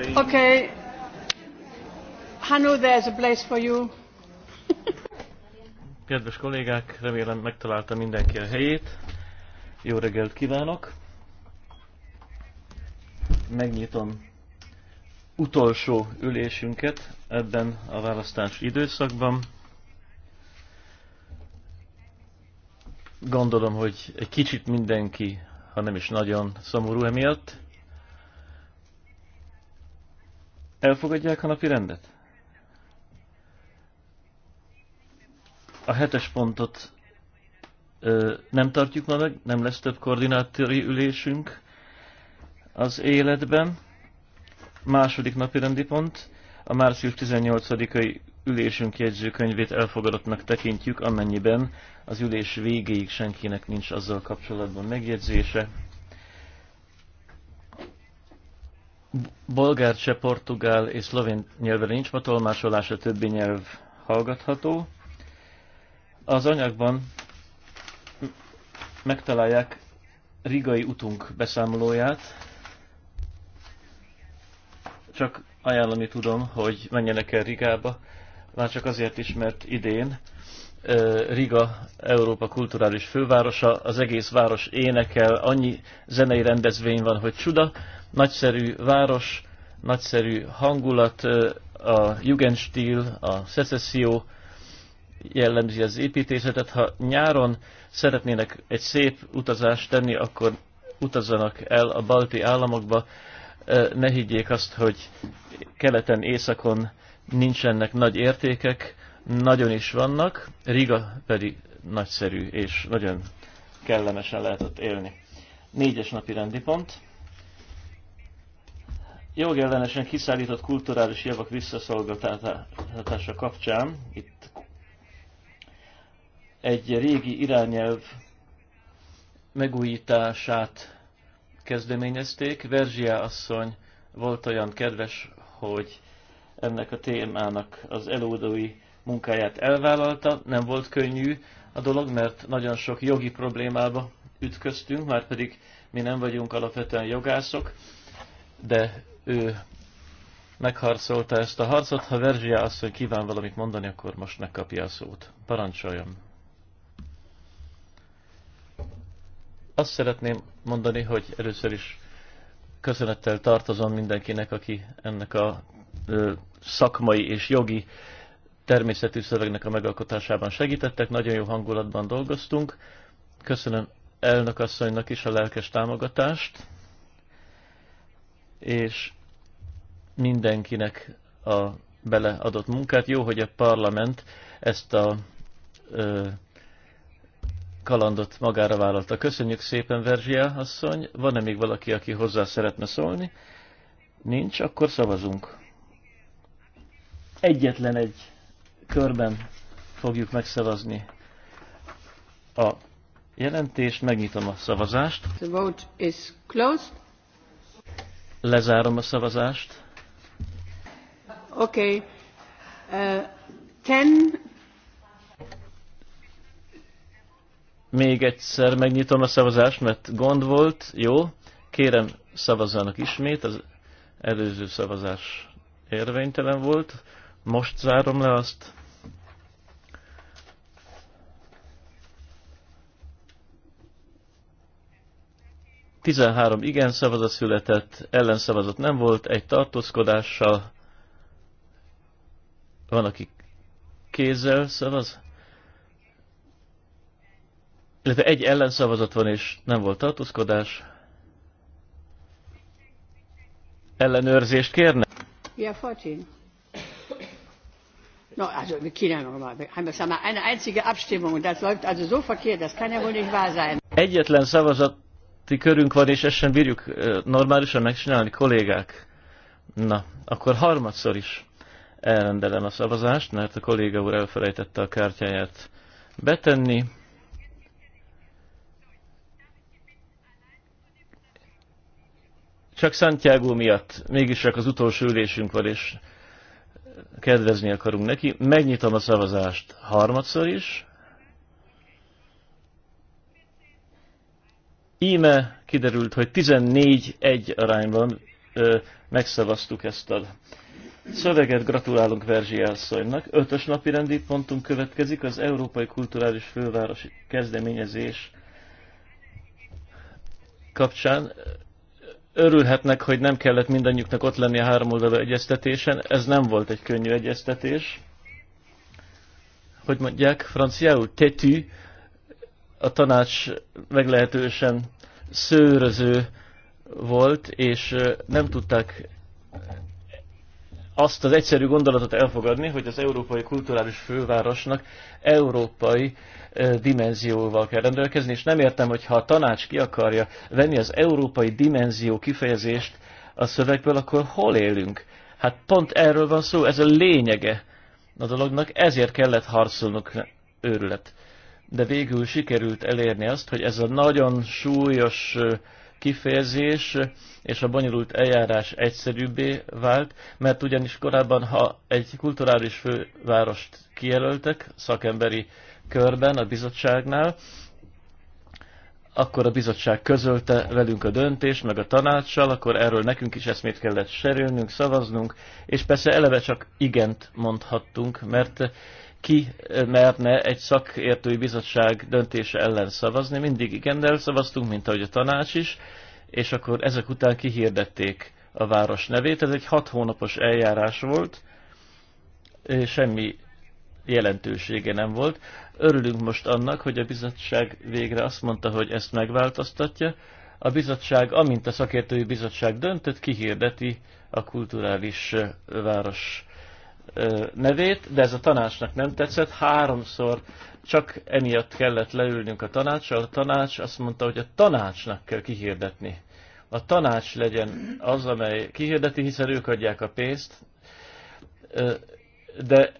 Okay. Hanno, there's a place for you. Kedves kollégák, remélem megtalálta mindenki a helyét. Jó reggelt kívánok! Megnyitom utolsó ülésünket ebben a választási időszakban. Gondolom, hogy egy kicsit mindenki, ha nem is nagyon szomorú emiatt, Elfogadják a napi rendet? A hetes pontot ö, nem tartjuk ma meg, nem lesz több koordinátori ülésünk az életben. Második napi rendi pont, a március 18-ai ülésünk jegyzőkönyvét elfogadottnak tekintjük, amennyiben az ülés végéig senkinek nincs azzal kapcsolatban megjegyzése. Bolgár, cseh, portugál és szlovén nyelven nincs ma tolmásolás, a többi nyelv hallgatható. Az anyagban megtalálják Rigai utunk beszámolóját. Csak ajánlani tudom, hogy menjenek el Rigába, már csak azért is, mert idén Riga Európa kulturális fővárosa, az egész város énekel, annyi zenei rendezvény van, hogy csuda nagyszerű város, nagyszerű hangulat, a Jugendstil, a szecesszió jellemzi az építészetet. Ha nyáron szeretnének egy szép utazást tenni, akkor utazzanak el a balti államokba. Ne higgyék azt, hogy keleten, északon nincsenek nagy értékek, nagyon is vannak, Riga pedig nagyszerű és nagyon kellemesen lehet ott élni. Négyes napi rendi pont jogellenesen kiszállított kulturális javak visszaszolgatása kapcsán itt egy régi irányelv megújítását kezdeményezték. Verzsia asszony volt olyan kedves, hogy ennek a témának az előadói munkáját elvállalta. Nem volt könnyű a dolog, mert nagyon sok jogi problémába ütköztünk, már pedig mi nem vagyunk alapvetően jogászok, de ő megharcolta ezt a harcot. Ha Verzsia asszony kíván valamit mondani, akkor most megkapja a szót. Parancsoljon! Azt szeretném mondani, hogy először is köszönettel tartozom mindenkinek, aki ennek a ö, szakmai és jogi természetű szövegnek a megalkotásában segítettek. Nagyon jó hangulatban dolgoztunk. Köszönöm elnök asszonynak is a lelkes támogatást. És mindenkinek a beleadott munkát. Jó, hogy a parlament ezt a ö, kalandot magára vállalta. Köszönjük szépen, Verzsia asszony. Van-e még valaki, aki hozzá szeretne szólni? Nincs, akkor szavazunk. Egyetlen egy körben fogjuk megszavazni a jelentést, megnyitom a szavazást. The vote is closed. Lezárom a szavazást. Uh, Még egyszer megnyitom a szavazást, mert gond volt. Jó, kérem szavazzanak ismét. Az előző szavazás érvénytelen volt. Most zárom le azt. Tizenhárom igen szavazat született, ellenszavazat nem volt, egy tartózkodással van, aki kézzel szavaz. Illetve egy ellenszavazat van, és nem volt tartózkodás. Ellenőrzést kérne? Ja, Fatin. No, also wir kennen noch mal. Haben mal eine einzige Abstimmung und das läuft also so verkehrt, das kann ja wohl nicht wahr sein. Egyetlen szavazati körünk van, és ezt sem bírjuk eh, normálisan megcsinálni, kollégák. Na, akkor harmadszor is elrendelem a szavazást, mert a kolléga úr elfelejtette a kártyáját betenni. Csak Santiago miatt mégis csak az utolsó ülésünk van, és kedvezni akarunk neki. Megnyitom a szavazást harmadszor is. Íme kiderült, hogy 14-1 arányban ö, megszavaztuk ezt a szöveget gratulálunk Verzsi asszonynak. Ötös napi rendi pontunk következik, az Európai Kulturális Fővárosi Kezdeményezés kapcsán. Örülhetnek, hogy nem kellett mindannyiuknak ott lenni a háromoldalú egyeztetésen. Ez nem volt egy könnyű egyeztetés. Hogy mondják, franciául tetű, a tanács meglehetősen szőröző volt, és nem tudták azt az egyszerű gondolatot elfogadni, hogy az európai kulturális fővárosnak európai dimenzióval kell rendelkezni, és nem értem, hogy ha a tanács ki akarja venni az európai dimenzió kifejezést a szövegből, akkor hol élünk? Hát pont erről van szó, ez a lényege a dolognak, ezért kellett harcolnunk őrület. De végül sikerült elérni azt, hogy ez a nagyon súlyos kifejezés és a bonyolult eljárás egyszerűbbé vált, mert ugyanis korábban, ha egy kulturális fővárost kijelöltek szakemberi körben a bizottságnál, akkor a bizottság közölte velünk a döntést, meg a tanácssal, akkor erről nekünk is eszmét kellett serülnünk, szavaznunk, és persze eleve csak igent mondhattunk, mert ki merne egy szakértői bizottság döntése ellen szavazni. Mindig igennel szavaztunk, mint ahogy a tanács is, és akkor ezek után kihirdették a város nevét. Ez egy hat hónapos eljárás volt, semmi jelentősége nem volt. Örülünk most annak, hogy a bizottság végre azt mondta, hogy ezt megváltoztatja. A bizottság, amint a szakértői bizottság döntött, kihirdeti a kulturális város nevét, de ez a tanácsnak nem tetszett. Háromszor csak emiatt kellett leülnünk a tanácssal. A tanács azt mondta, hogy a tanácsnak kell kihirdetni. A tanács legyen az, amely kihirdeti, hiszen ők adják a pénzt, de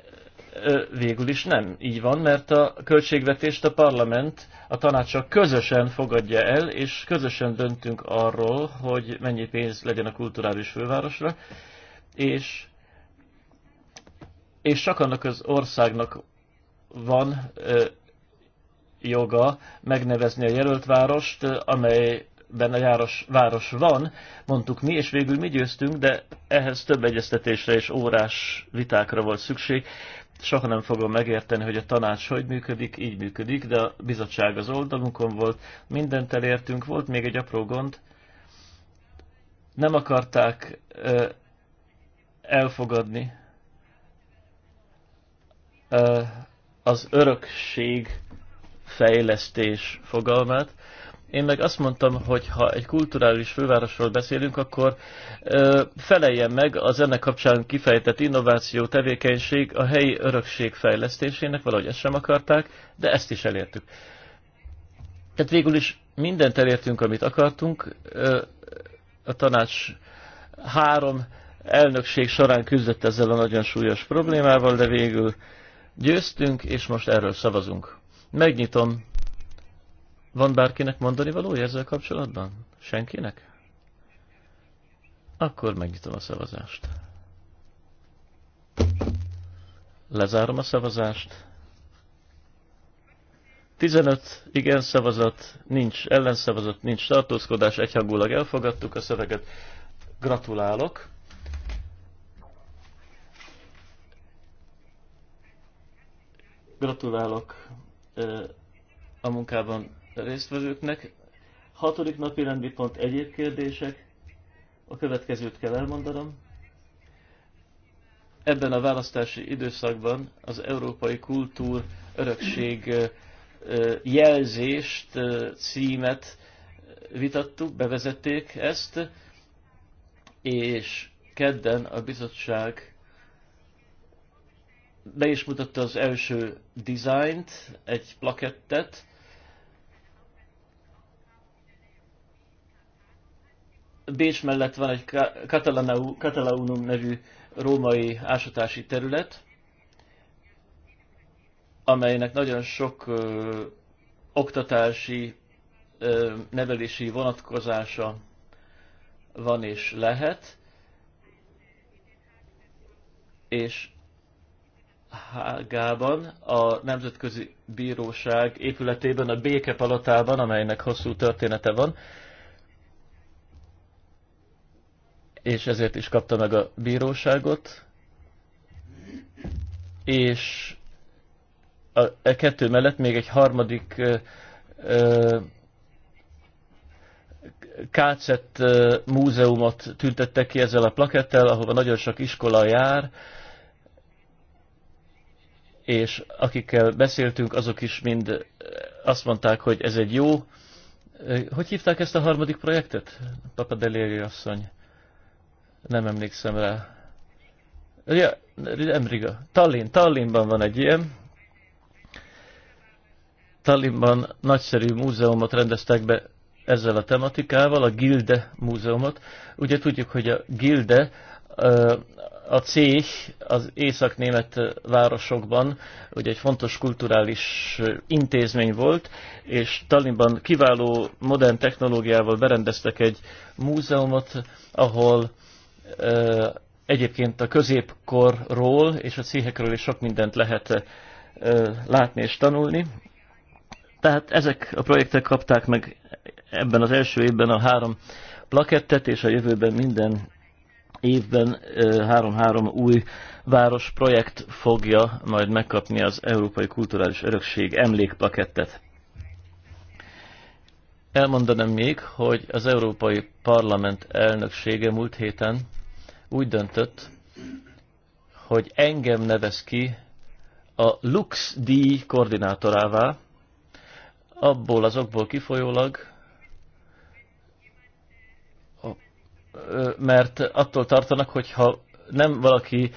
végül is nem így van, mert a költségvetést a parlament a tanácsa közösen fogadja el, és közösen döntünk arról, hogy mennyi pénz legyen a kulturális fővárosra, és és csak annak az országnak van ö, joga megnevezni a jelölt várost, amelyben a járos, város van, mondtuk mi, és végül mi győztünk, de ehhez több egyeztetésre és órás vitákra volt szükség. Soha nem fogom megérteni, hogy a tanács hogy működik, így működik, de a bizottság az oldalunkon volt, mindent elértünk, volt még egy apró gond, nem akarták ö, elfogadni az örökség fejlesztés fogalmát. Én meg azt mondtam, hogy ha egy kulturális fővárosról beszélünk, akkor ö, feleljen meg az ennek kapcsán kifejtett innováció tevékenység a helyi örökség fejlesztésének, valahogy ezt sem akarták, de ezt is elértük. Tehát végül is mindent elértünk, amit akartunk. Ö, a tanács három elnökség során küzdött ezzel a nagyon súlyos problémával, de végül Győztünk, és most erről szavazunk. Megnyitom. Van bárkinek mondani való ezzel kapcsolatban? Senkinek? Akkor megnyitom a szavazást. Lezárom a szavazást. 15 igen szavazat, nincs ellenszavazat, nincs tartózkodás, egyhangulag elfogadtuk a szöveget. Gratulálok! Gratulálok a munkában résztvevőknek. Hatodik napi rendi pont egyéb kérdések. A következőt kell elmondanom. Ebben a választási időszakban az Európai Kultúr Örökség jelzést, címet vitattuk, bevezették ezt, és kedden a bizottság be is mutatta az első dizájnt, egy plakettet. Bécs mellett van egy Catalaunum nevű római ásatási terület, amelynek nagyon sok ö, oktatási, ö, nevelési vonatkozása van és lehet, és Hágában, a Nemzetközi Bíróság épületében, a Béke Palatában, amelynek hosszú története van, és ezért is kapta meg a bíróságot, és a, a e kettő mellett még egy harmadik ö, ö, Kácett múzeumot tüntette ki ezzel a plakettel, ahova nagyon sok iskola jár, ö, és akikkel beszéltünk, azok is mind eh, azt mondták, hogy ez egy jó... Eh, hogy hívták ezt a harmadik projektet? Deléri asszony. Nem emlékszem rá. Ja, nem Riga. Tallinn. Tallinnban van egy ilyen. Tallinnban nagyszerű múzeumot rendeztek be ezzel a tematikával, a Gilde múzeumot. Ugye tudjuk, hogy a Gilde a cég az észak-német városokban ugye egy fontos kulturális intézmény volt, és Tallinnban kiváló modern technológiával berendeztek egy múzeumot, ahol ö, egyébként a középkorról és a céhekről is sok mindent lehet ö, látni és tanulni. Tehát ezek a projektek kapták meg ebben az első évben a három plakettet, és a jövőben minden évben három-három új város projekt fogja majd megkapni az Európai Kulturális Örökség emlékplakettet. Elmondanám még, hogy az Európai Parlament elnöksége múlt héten úgy döntött, hogy engem nevez ki a Lux díj koordinátorává, abból az okból kifolyólag, mert attól tartanak, hogy ha nem valaki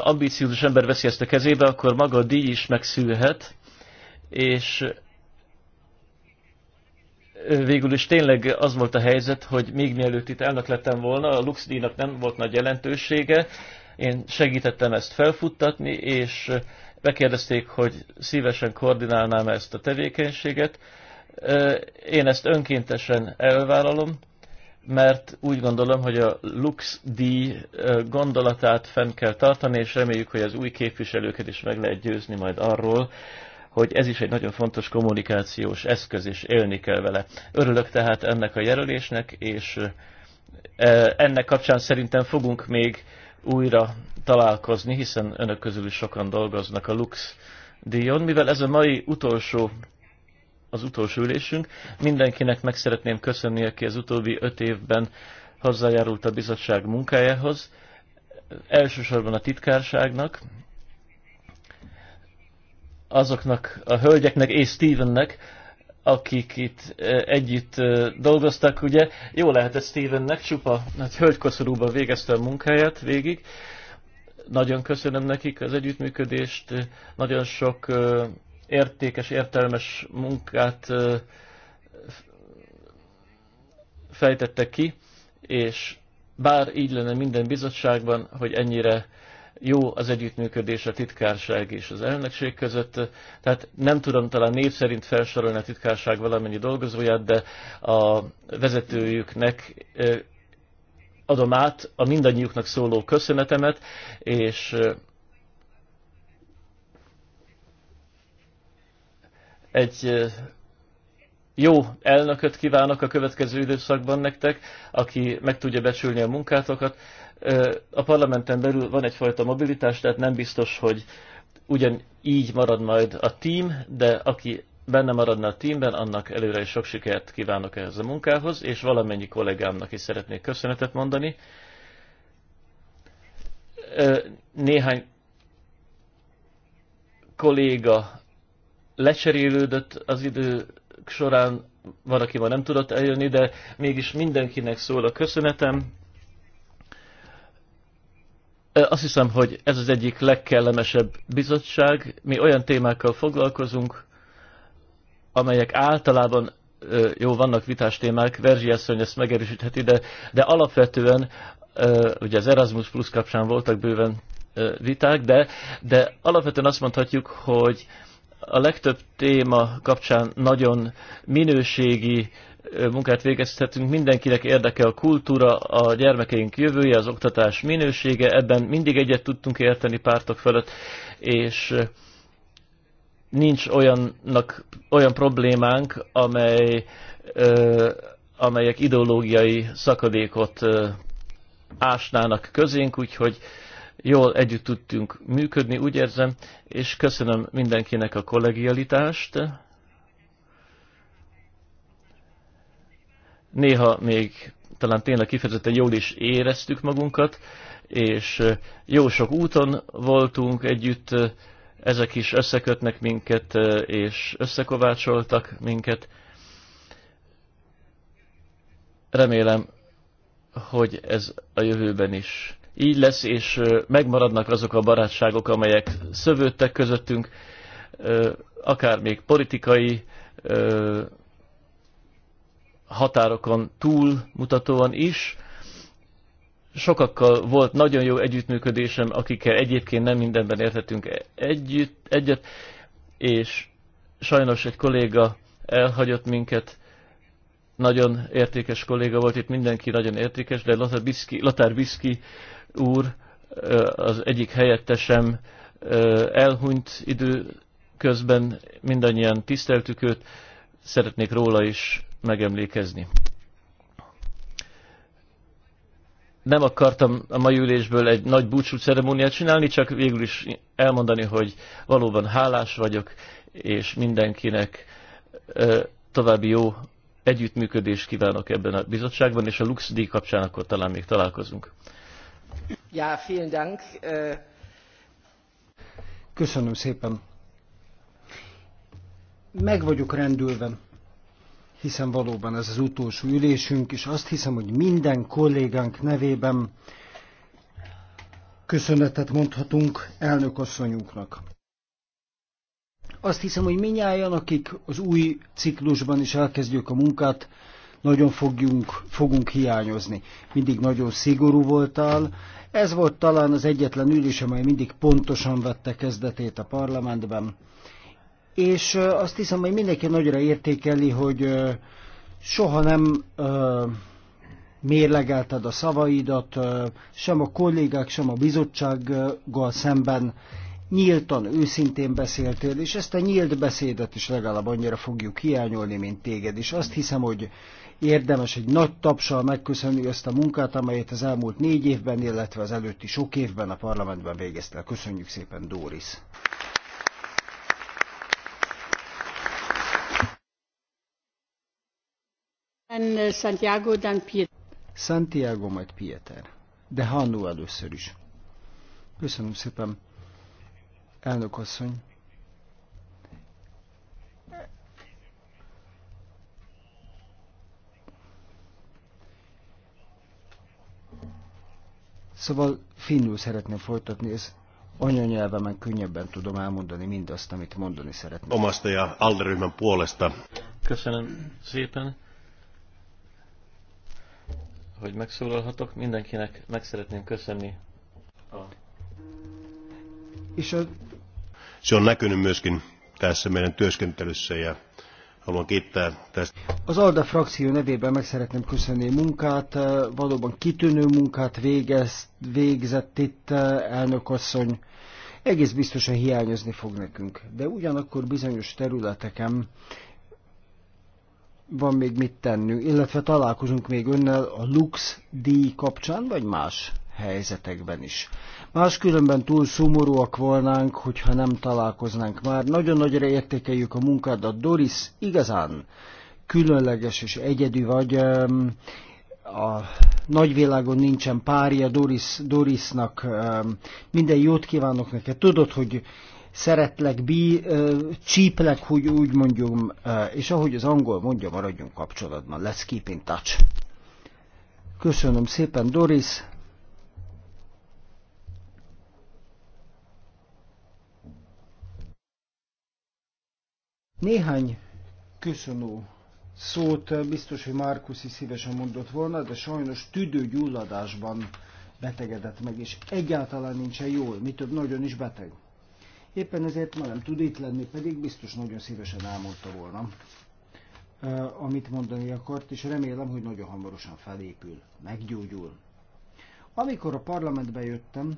ambíciózus ember veszi ezt a kezébe, akkor maga a díj is megszűhet, és végül is tényleg az volt a helyzet, hogy még mielőtt itt elnök lettem volna, a Lux díjnak nem volt nagy jelentősége, én segítettem ezt felfuttatni, és megkérdezték, hogy szívesen koordinálnám ezt a tevékenységet. Én ezt önkéntesen elvállalom, mert úgy gondolom, hogy a Lux díj gondolatát fenn kell tartani, és reméljük, hogy az új képviselőket is meg lehet győzni majd arról, hogy ez is egy nagyon fontos kommunikációs eszköz, és élni kell vele. Örülök tehát ennek a jelölésnek, és e, ennek kapcsán szerintem fogunk még újra találkozni, hiszen önök közül is sokan dolgoznak a Lux díjon. Mivel ez a mai utolsó az utolsó ülésünk. Mindenkinek meg szeretném köszönni, aki az utóbbi öt évben hozzájárult a bizottság munkájához, elsősorban a titkárságnak, azoknak a hölgyeknek és Stevennek, akik itt e, együtt e, dolgoztak, ugye, jó lehetett Stevennek, csupa hát hölgykoszorúba végezte a munkáját végig. Nagyon köszönöm nekik az együttműködést, nagyon sok e, értékes, értelmes munkát fejtette ki, és bár így lenne minden bizottságban, hogy ennyire jó az együttműködés a titkárság és az elnökség között. Tehát nem tudom talán név szerint felsorolni a titkárság valamennyi dolgozóját, de a vezetőjüknek adom át a mindannyiuknak szóló köszönetemet, és egy jó elnököt kívánok a következő időszakban nektek, aki meg tudja becsülni a munkátokat. A parlamenten belül van egyfajta mobilitás, tehát nem biztos, hogy ugyan így marad majd a tím, de aki benne maradna a tímben, annak előre is sok sikert kívánok ehhez a munkához, és valamennyi kollégámnak is szeretnék köszönetet mondani. Néhány kolléga lecserélődött az idő során, van, aki ma nem tudott eljönni, de mégis mindenkinek szól a köszönetem. Azt hiszem, hogy ez az egyik legkellemesebb bizottság. Mi olyan témákkal foglalkozunk, amelyek általában jó, vannak vitás témák, Verzsi asszony ezt megerősítheti, de, de alapvetően ugye az Erasmus Plus kapcsán voltak bőven viták, de, de alapvetően azt mondhatjuk, hogy a legtöbb téma kapcsán nagyon minőségi munkát végezhetünk. Mindenkinek érdeke a kultúra, a gyermekeink jövője, az oktatás minősége. Ebben mindig egyet tudtunk érteni pártok fölött, és nincs olyannak, olyan problémánk, amely, ö, amelyek ideológiai szakadékot ö, ásnának közénk, úgyhogy ö, jól együtt tudtunk működni, úgy érzem, és köszönöm mindenkinek a kollegialitást. Néha még talán tényleg kifejezetten jól is éreztük magunkat, és jó sok úton voltunk együtt, ezek is összekötnek minket, és összekovácsoltak minket. Remélem, hogy ez a jövőben is így lesz, és megmaradnak azok a barátságok, amelyek szövődtek közöttünk, akár még politikai határokon túl mutatóan is. Sokakkal volt nagyon jó együttműködésem, akikkel egyébként nem mindenben értettünk e-, együtt, egyet, és sajnos egy kolléga elhagyott minket, nagyon értékes kolléga volt, itt mindenki nagyon értékes, de Lothar Biszki, Lothar Biszki úr, az egyik helyettesem elhunyt időközben, mindannyian tiszteltük őt, szeretnék róla is megemlékezni. Nem akartam a mai ülésből egy nagy búcsú ceremóniát csinálni, csak végül is elmondani, hogy valóban hálás vagyok, és mindenkinek további jó együttműködést kívánok ebben a bizottságban, és a Lux díj kapcsán akkor talán még találkozunk. Ja, vielen Dank. Äh. Köszönöm szépen. Meg vagyok rendülve, hiszen valóban ez az utolsó ülésünk, és azt hiszem, hogy minden kollégánk nevében köszönetet mondhatunk asszonyunknak. Azt hiszem, hogy minnyáján, akik az új ciklusban is elkezdjük a munkát, nagyon fogjunk, fogunk hiányozni. Mindig nagyon szigorú voltál. Ez volt talán az egyetlen ülés, amely mindig pontosan vette kezdetét a parlamentben. És azt hiszem, hogy mindenki nagyra értékeli, hogy soha nem mérlegelted a szavaidat, sem a kollégák, sem a bizottsággal szemben nyíltan, őszintén beszéltél, és ezt a nyílt beszédet is legalább annyira fogjuk hiányolni, mint téged. És azt hiszem, hogy Érdemes egy nagy tapsal megköszönni ezt a munkát, amelyet az elmúlt négy évben, illetve az előtti sok évben a parlamentben végezte. Köszönjük szépen, Dóris. Eh, Santiago, dan Pieter. Santiago, majd Pieter. De Hannu először is. Köszönöm szépen, elnök asszony. Szóval finnül szeretném folytatni, ez anyanyelvemen könnyebben tudom elmondani mindazt, amit mondani szeretném. Omasta ja Alderyman puolesta. Köszönöm szépen, hogy megszólalhatok. Mindenkinek meg szeretném köszönni a... És a... Se on näkynyt myöskin tässä meidän työskentelyssä ja az ALDA frakció nevében meg szeretném köszönni a munkát. Valóban kitűnő munkát végez, végzett itt elnökasszony. Egész biztosan hiányozni fog nekünk. De ugyanakkor bizonyos területeken van még mit tennünk, illetve találkozunk még önnel a Lux díj kapcsán, vagy más helyzetekben is. Máskülönben túl szomorúak volnánk, hogyha nem találkoznánk már. Nagyon nagyra értékeljük a munkádat, Doris, igazán különleges és egyedű vagy. A nagyvilágon nincsen párja Doris, Dorisnak. Minden jót kívánok neked. Tudod, hogy szeretlek, bí, csíplek, hogy úgy mondjam, és ahogy az angol mondja, maradjunk kapcsolatban. Let's keep in touch. Köszönöm szépen, Doris. Néhány köszönő szót eh, biztos, hogy Márkusz is szívesen mondott volna, de sajnos tüdőgyulladásban betegedett meg, és egyáltalán nincsen jól, mi több nagyon is beteg. Éppen ezért ma nem tud itt lenni, pedig biztos nagyon szívesen elmondta volna, eh, amit mondani akart, és remélem, hogy nagyon hamarosan felépül, meggyógyul. Amikor a parlamentbe jöttem,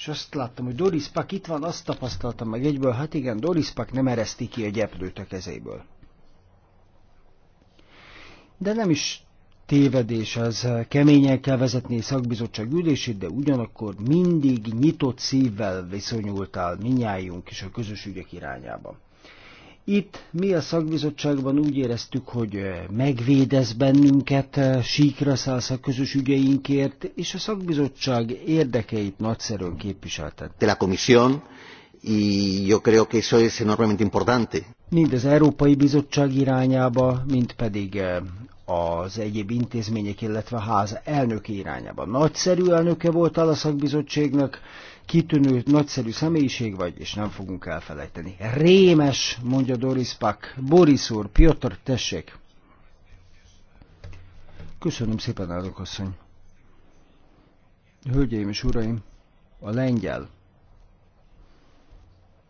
és azt láttam, hogy Doris Pak itt van, azt tapasztaltam meg egyből, hát igen, Doris Pak nem ereszti ki a gyeplőt a kezéből. De nem is tévedés az, keményen kell vezetni a szakbizottság ülését, de ugyanakkor mindig nyitott szívvel viszonyultál minnyájunk is a közös ügyek irányába. Itt mi a szakbizottságban úgy éreztük, hogy eh, megvédez bennünket, eh, síkra szállsz a közös ügyeinkért, és a szakbizottság érdekeit nagyszerűen képviseltet. De la comisión, y yo creo que eso es enormemente importante. Mind az Európai Bizottság irányába, mint pedig eh, az egyéb intézmények, illetve ház elnöki irányába. Nagyszerű elnöke voltál a szakbizottságnak, kitűnő, nagyszerű személyiség vagy, és nem fogunk elfelejteni. Rémes, mondja Doris Pak. Boris úr, Piotr, tessék. Köszönöm szépen, állok asszony. Hölgyeim és uraim, a lengyel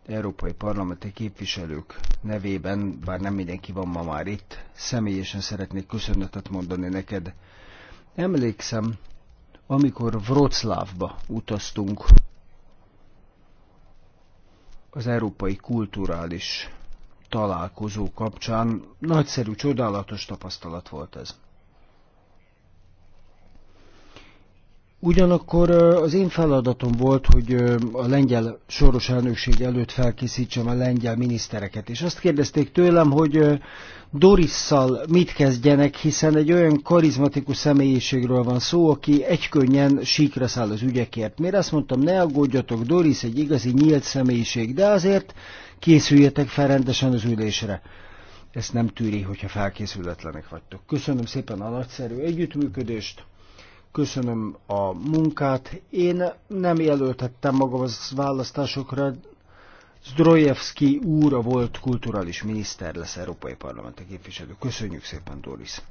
európai parlamenti képviselők nevében, bár nem mindenki van ma már itt, személyesen szeretnék köszönetet mondani neked. Emlékszem, amikor Wroclawba utaztunk, az európai kulturális találkozó kapcsán. Nagyszerű, csodálatos tapasztalat volt ez. Ugyanakkor az én feladatom volt, hogy a lengyel soros elnökség előtt felkészítsem a lengyel minisztereket, és azt kérdezték tőlem, hogy Dorisszal mit kezdjenek, hiszen egy olyan karizmatikus személyiségről van szó, aki egykönnyen síkra száll az ügyekért. Miért azt mondtam, ne aggódjatok, Doris egy igazi nyílt személyiség, de azért készüljetek fel rendesen az ülésre ezt nem tűri, hogyha felkészületlenek vagytok. Köszönöm szépen a nagyszerű együttműködést, köszönöm a munkát. Én nem jelöltettem magam az választásokra. Zdrojevski úr a volt kulturális miniszter lesz Európai a képviselő. Köszönjük szépen, Doris!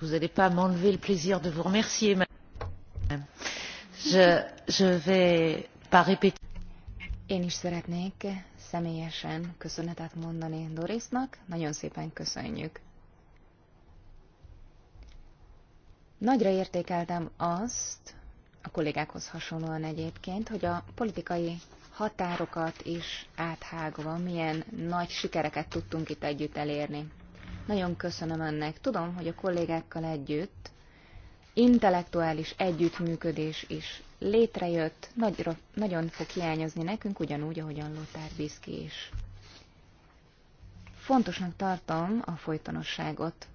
Vous pas m'enlever le plaisir de vous remercier. Je, je vais pas répéter. Én is szeretnék személyesen köszönetet mondani Dorisnak, nagyon szépen köszönjük. Nagyra értékeltem azt, a kollégákhoz hasonlóan egyébként, hogy a politikai határokat is áthágva milyen nagy sikereket tudtunk itt együtt elérni. Nagyon köszönöm önnek. Tudom, hogy a kollégákkal együtt intellektuális együttműködés is létrejött, nagyra, nagyon fog hiányozni nekünk, ugyanúgy, ahogyan Lothar Biszki is. Fontosnak tartom a folytonosságot.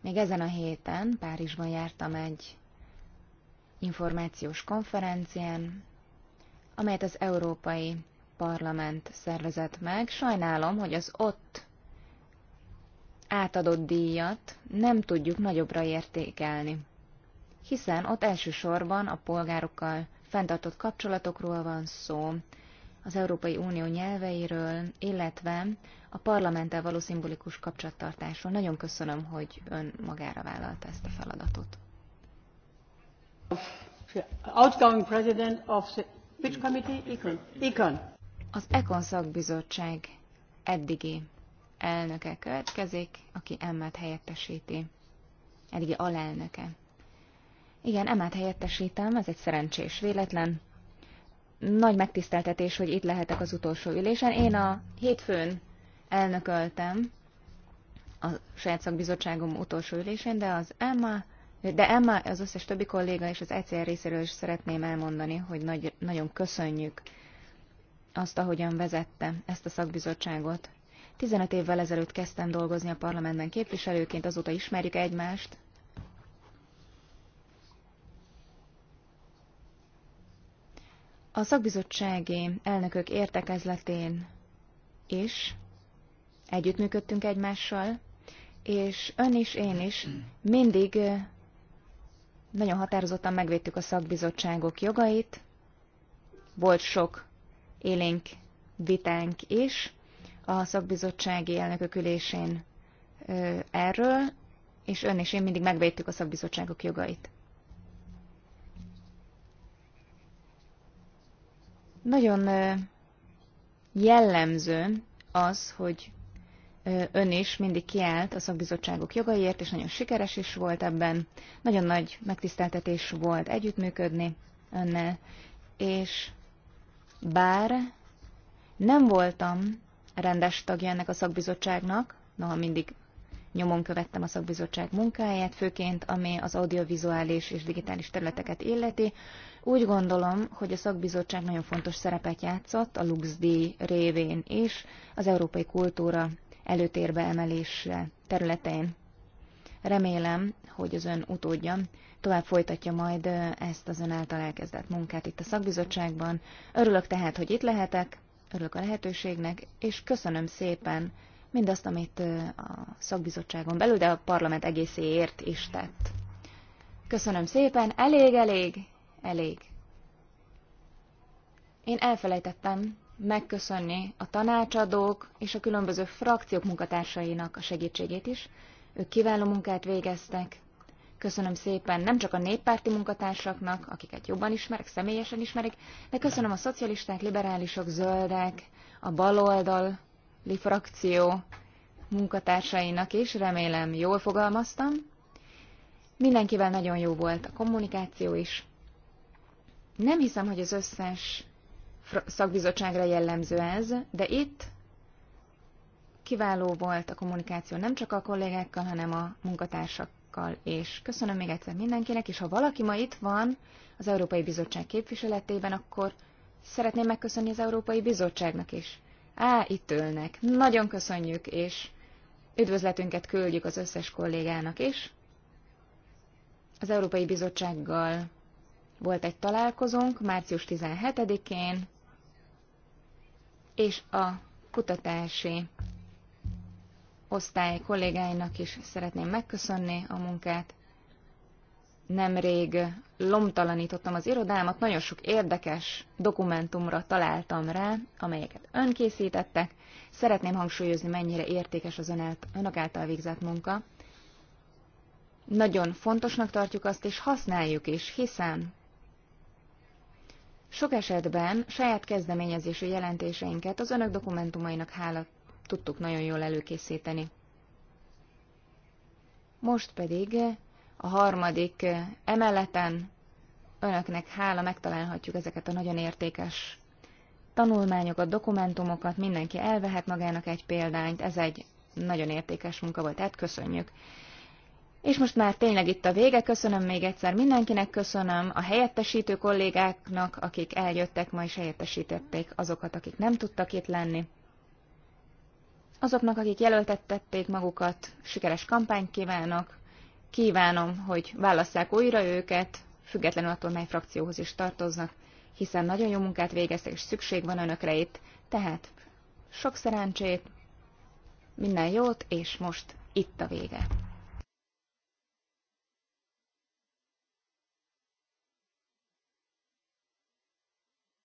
Még ezen a héten Párizsban jártam egy információs konferencián, amelyet az Európai Parlament szervezett meg. Sajnálom, hogy az ott átadott díjat nem tudjuk nagyobbra értékelni, hiszen ott elsősorban a polgárokkal fenntartott kapcsolatokról van szó, az Európai Unió nyelveiről, illetve a parlamenttel való szimbolikus kapcsolattartásról. Nagyon köszönöm, hogy ön magára vállalta ezt a feladatot. Outgoing president of the which committee? Econ. Az Econ szakbizottság eddigi elnöke következik, aki Emmát helyettesíti. Eddigi alelnöke. Igen, Emmát helyettesítem, ez egy szerencsés véletlen. Nagy megtiszteltetés, hogy itt lehetek az utolsó ülésen. Én a hétfőn elnököltem a saját szakbizottságom utolsó ülésén, de az Emma, de Emma, az összes többi kolléga és az ECR részéről is szeretném elmondani, hogy nagy, nagyon köszönjük azt, ahogyan vezette ezt a szakbizottságot. 15 évvel ezelőtt kezdtem dolgozni a parlamentben képviselőként, azóta ismerjük egymást. A szakbizottsági elnökök értekezletén is együttműködtünk egymással, és ön is, én is mindig nagyon határozottan megvédtük a szakbizottságok jogait, volt sok élénk vitánk is, a szakbizottsági elnökök ülésén erről, és ön és én mindig megvédtük a szakbizottságok jogait. Nagyon jellemző az, hogy ön is mindig kiállt a szakbizottságok jogaiért, és nagyon sikeres is volt ebben. Nagyon nagy megtiszteltetés volt együttműködni önnel, és bár nem voltam rendes tagja ennek a szakbizottságnak, noha mindig nyomon követtem a szakbizottság munkáját, főként ami az audiovizuális és digitális területeket illeti. Úgy gondolom, hogy a szakbizottság nagyon fontos szerepet játszott a LuxD révén is, az európai kultúra előtérbe emelése területein. Remélem, hogy az ön utódja tovább folytatja majd ezt az ön által elkezdett munkát itt a szakbizottságban. Örülök tehát, hogy itt lehetek, Örülök a lehetőségnek, és köszönöm szépen mindazt, amit a szakbizottságon belül, de a parlament egészéért is tett. Köszönöm szépen, elég, elég, elég. Én elfelejtettem megköszönni a tanácsadók és a különböző frakciók munkatársainak a segítségét is. Ők kiváló munkát végeztek, Köszönöm szépen nem csak a néppárti munkatársaknak, akiket jobban ismerek, személyesen ismerik, de köszönöm a szocialisták, liberálisok, zöldek, a baloldali frakció munkatársainak is, remélem jól fogalmaztam. Mindenkivel nagyon jó volt a kommunikáció is. Nem hiszem, hogy az összes szakbizottságra jellemző ez, de itt kiváló volt a kommunikáció nem csak a kollégákkal, hanem a munkatársak országokkal. És köszönöm még egyszer mindenkinek, és ha valaki ma itt van az Európai Bizottság képviseletében, akkor szeretném megköszönni az Európai Bizottságnak is. Á, itt ülnek. Nagyon köszönjük, és üdvözletünket küldjük az összes kollégának is. Az Európai Bizottsággal volt egy találkozónk március 17-én, és a kutatási osztály kollégáinak is szeretném megköszönni a munkát. Nemrég lomtalanítottam az irodámat, nagyon sok érdekes dokumentumra találtam rá, amelyeket ön készítettek. Szeretném hangsúlyozni, mennyire értékes az önök által végzett munka. Nagyon fontosnak tartjuk azt, és használjuk is, hiszen sok esetben saját kezdeményezési jelentéseinket az önök dokumentumainak hála tudtuk nagyon jól előkészíteni. Most pedig a harmadik emeleten önöknek hála megtalálhatjuk ezeket a nagyon értékes tanulmányokat, dokumentumokat, mindenki elvehet magának egy példányt, ez egy nagyon értékes munka volt, tehát köszönjük. És most már tényleg itt a vége, köszönöm még egyszer mindenkinek, köszönöm a helyettesítő kollégáknak, akik eljöttek ma és helyettesítették azokat, akik nem tudtak itt lenni. Azoknak, akik jelöltettették magukat, sikeres kampányt kívánok, kívánom, hogy válasszák újra őket, függetlenül attól, mely frakcióhoz is tartoznak, hiszen nagyon jó munkát végeztek, és szükség van önökre itt. Tehát sok szerencsét, minden jót, és most itt a vége.